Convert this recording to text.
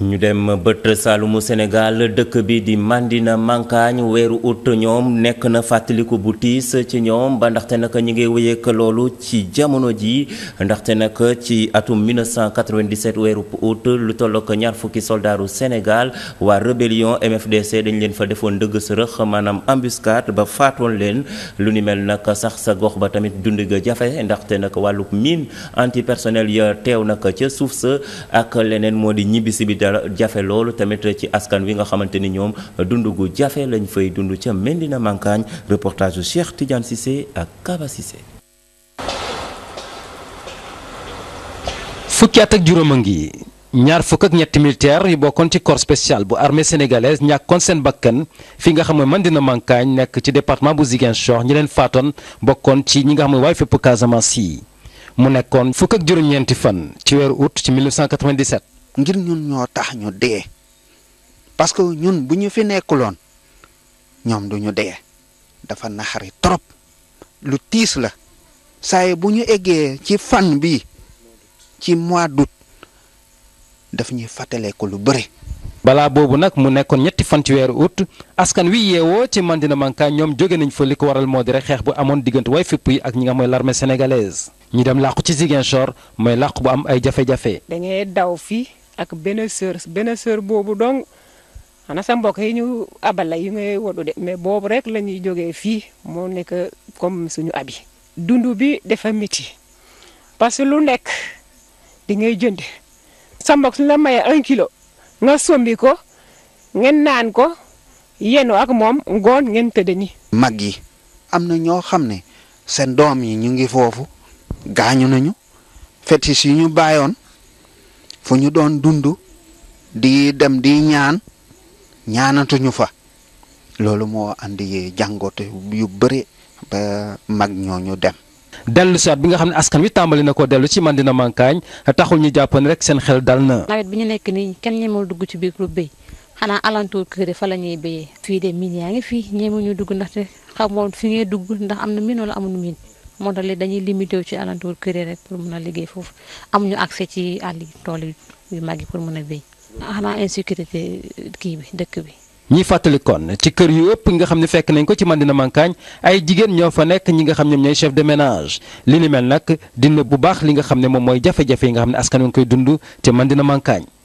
ñu dem bët saalumu Sénégal dëkk bi di Mandina Mankaañ weeru ut ñoom nekk na fàttaliku bu tiis ci ñoom ba ndaxte nag ñu ngi wéyeek loolu ci jamono ji ndaxte nag ci atum 1997 weeru ut lu tollook ñaar fukki soldaaru Sénégal waa rébellion MFDC dañ leen fa defoon dëgg sërëx maanaam embuscade ba faatoon leen lu ni mel nag sax sa gox ba tamit dund ga jafe ndaxte na ko wàllu wàllub mine antipersonnel ya teew na ko ca suuf sa ak leneen moo di ñibbisi bi dara jafe loolu tamit ci askan wi nga xamante ni ñoom dund gu jafe lañ fay dund ca Mendina Mankaañ reportage su Cheikh Tidiane Cissé ak Kaba Cissé. fukki at ak juróom a ngi ñaar fukk ak ñetti militaire yi bokkoon ci corps spécial bu armée sénégalaise ñàkkoon seen bakkan fi nga xam ne Mendina Mankaañ nekk ci département bu Ziguinchor ñi leen faatoon bokkoon ci ñi nga xam ne waaye fépp Casamance yi mu nekkoon fukk ak juróom-ñeenti fan ci weeru août ci 1997. ngir ñun ñoo tax ñu dee parce que ñun bu ñu fi nekkuloon ñoom du ñu dee dafa naxari trop lu tiis la saaye bu ñu eggee ci fan bi ci mois d'août daf ñuy fàttaleeku lu bëri. balaa boobu nag mu nekkoon ñetti fan ci weeru août askan wi yeewoo ci Mandina Manka ñoom jóge nañ fa li ko waral moo di rek xeex bu amoon diggante way fipp yi ak ñi nga mooy larme sénégalaise. ñi dem làqu ci Ziguinchor mooy làqu bu am ay jafe-jafe. dañuy daw fii ak benn sœur benn sœur boobu dong ana sa mbokk yi ñu abal yi ngay wodu de mais boobu rek la ñuy joge fii moo nekk comme suñu abi dund bi dafa métti parce que lu nekk di ngay jënd sa mbokk la mayee un nga sombi ko ngeen naan ko yenu ak moom ngoon ngeen tëdd ni mag yi am na ñoo xam ne seen doom yi ñu ngi foofu gaañu nañu fétiche yi ñu bàyyoon fu ñu doon dund di dem di ñaan ñaanatuñu fa loolu moo andi jàngoote yu bëri ba mag ñooñu dem. dellu siwaat bi nga xam ne askan wi tàmbali na ko dellu ci Mandina Mankagne taxul ñu jàpp ne rek seen xel dal na. nawet bi ñu nekk nii kenn ñemewul dugg ci biir lu béy xanaa alentour fa la ñuy béyee. fii de miin yaa ngi fii ñemewuñu dugg ndaxte xamoon fi ngay dugg ndax am na miin wala amul miin. moo tax dañuy limité wu ci alentour kër yi rek pour mun a liggéey foofu amuñu accès ci àll tool yu mag yi pour mën a béy. xanaa insécurité euh, kii bi dëkk bi. ñi fàttali kon ci kër yu yëpp nga xam ne fekk nañ ko ci Mandina Mankagne ay jigéen ñoo fa nekk ñi nga xam ñoom ñooy chef de ménage li ni mel nag dina bu baax li nga xam ne moom mooy jafe-jafe yi nga xam ne askan wi ngi koy dund te Mandina Mankagne